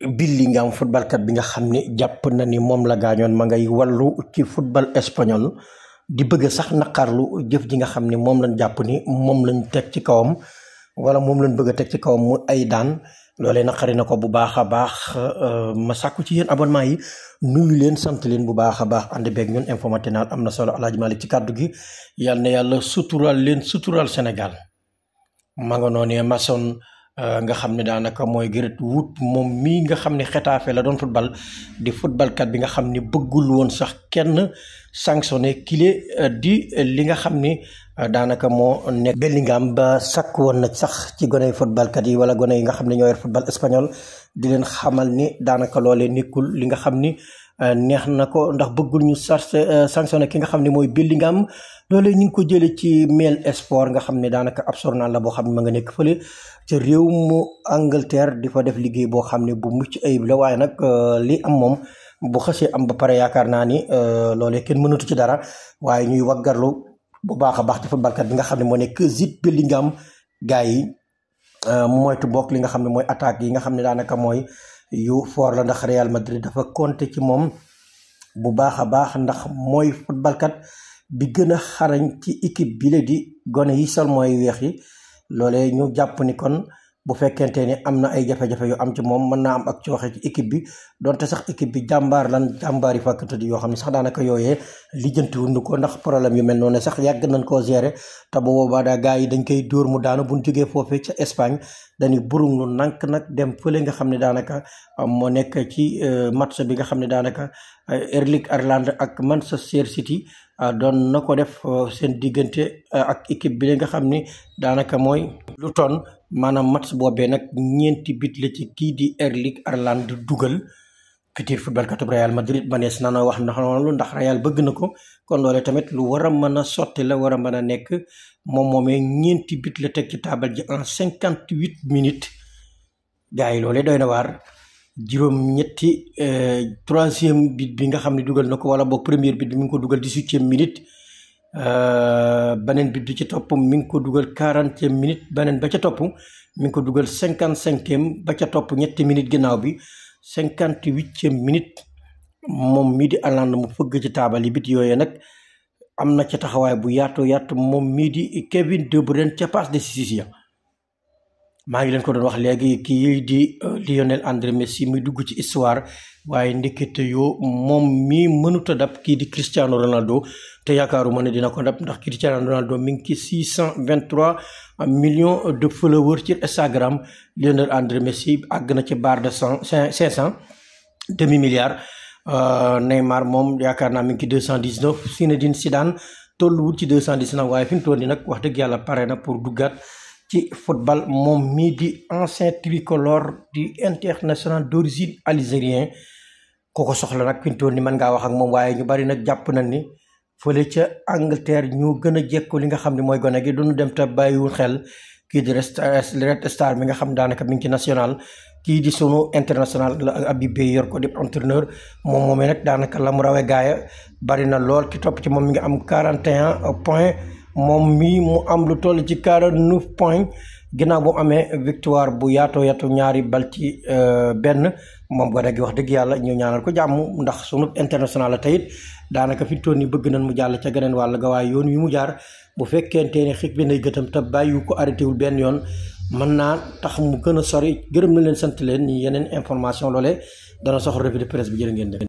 Bellingham footballkat bi nga xam ne jàpp na ni moom la gaañoon ma ngay wallu ci football espagnol di bëgg sax naqarlu jëf ji nga xam ne moom lañ jàpp ni moom lañ teg ci kawam wala moom lañ bëgg a teg ci kawam mu ay daan loolee naqari na ko bu baax a baax euh, ma sàkku ci yéen abonnement yi nuyu leen sant leen bu baax a baax ànd beeg ñun info am na solo Aladji Malick ci kàddu gi yal na yàlla suturaal leen suturaal Sénégal ma nga noonee mason Euh, nga xam ne daanaka mooy Grete Wood moom mii nga xam ne Xetafe la doon football di footballkat bi nga xam ne bëggul woon sax kenn sanctionné kile euh, di li nga xam ni euh, daanaka moo nekk Bellingham ba sakk woon na sax ci gone footballkat yi wala gone yi nga xam ne ñoo yor football espagnol di leen xamal ni daanaka loole nekkul li nga xam ni Euh, neex na ko ndax bëggul ñu euh, sanctionné ki nga xam ne mooy Bellingham loolee ñu ngi ko jëlee ci mail sport nga xam ne daanaka ab journal la boo xam ne ma nga nekk fële ca réew mu Angleterre di fa def liggéey boo xam ne bu mucc ayib la waaye nag euh, li am moom bu xasee am ba pare yaakaar naa ni loole kenn mënatu ci dara waaye ñuy waggarlu bu baax a baax ci footballkat bi nga xam ne moo nekk Jude Bellingham gars yi moytu bokk li nga xam ne mooy attaque yi nga xam ne daanaka mooy yu foor la ndax Real Madrid dafa compter ci moom bu baax a baax ndax mooy footballkat bi gën a xarañ ci équipe bi la gone yi sol mooy weex yi loole ñu jàpp ni kon bu fekkente ni am na ay jafe-jafe yu am ci moom mën naa am ak cooxe ci équipe bi donte sax équipe bi jàmbaar lan jàmbaar yi fàkkatadi yoo xam ne sax daanaka yooyee lijjanti wuñu ko ndax problème yu mel noonu sax yàgg nañ koo gérer te bu boobaa daa gars yi dañ koy dóor mu daanu buñ jógee foofee ca Espagne dañuy burum lu nànk nag dem fële nga xam ne daanaka euh, moo nekk ci euh, match bi nga xam ne daanaka Erling euh, Haaland ak Manchester City doon na ko def seen diggante ak équipe bi nga xam ne daanaka mooy lu Luton maanaam match boobe nag ñeenti bit la ci kii di Erling Haaland dugal futur footballkatu Real Madrid manees naa na wax ndax noonu ndax Real bëgg na ko kon loole tamit lu war a mën a sotti la war a mën a nekk moom moomee ñeenti but la teg ci taabal ji en cinquante huit minutes gaa yi loole doy na waar juróom ñetti euh, troisième but bi nga xam ne dugal na ko wala boog première but bi mi ngi ko dugal dix-huitième minute euh, beneen but bi ci topp mi ngi ko dugal quarantième minute beneen ba ca topp mi ngi ko dugal cinquante cinquième ba ca topp ñetti minutes ginnaaw bi cinquante huitième minute moom mii di Haaland mu fëgg ci taabal yi bit yooyu nag am na ca taxawaay bu yaatu yaatu moom mii di Kevin De Bruyne ca passe décisive maa ngi leen ko doon wax léegi kii di euh, Lionel André Messi muy dugg ci histoire waaye ndekete yoo moom mii mënut a dab kii di Cristiano Ronaldo te yaakaaruma ne dina ko dab ndax Cristiano Ronaldo mi ngi ci 623 millions de followers ci Instagram Lionel André Messi àgg na ci barre de cent cinq cent demi milliard euh, Neymar moom yaakaar naa mi ngi ci 219 Zinedine Zidane tolluwul ci 219 waaye fi mu toll nag wax dëgg yàlla pare na pour duggaat. ci football moom mii di ancien tricolore di international d'origine algérien kooko soxla nag fintoon ni mën ngaa wax ak moom waaye ñu bari nag jàpp nañ ni fële ca Angleterre ñu gën a jekko li nga xam ne mooy gone gi duñu dem te bàyyiwul xel kii di Red Star mi nga xam daanaka mi ngi ci national kii di sunu international la Habib Beye yor ko di entraîneur moom moomee nag daanaka la mu rawee gaaya bari na lool ki topp ci moom mi nga am 41 point moom mii mu am lu toll ci quarante neuf points ginnaaw bu amee victoire bu yaatoo yaatu ñaari bal ci euh, benn moom gone gi wax dëgg yàlla ñu ñaanal ko jàmm ndax sunu international la teyit daanaka fi toon yi bëgg nañ mu jàll ca geneen wàll ga waaye yoon wi mu jaar bu fekkente ne xig bi nay gëtam te bàyyi ko arrêté wul benn yoon mën naa tax mu gën a sori gërëm na leen sant leen nii yeneen information loole dana soxla revue de presse bi jërë ngeen def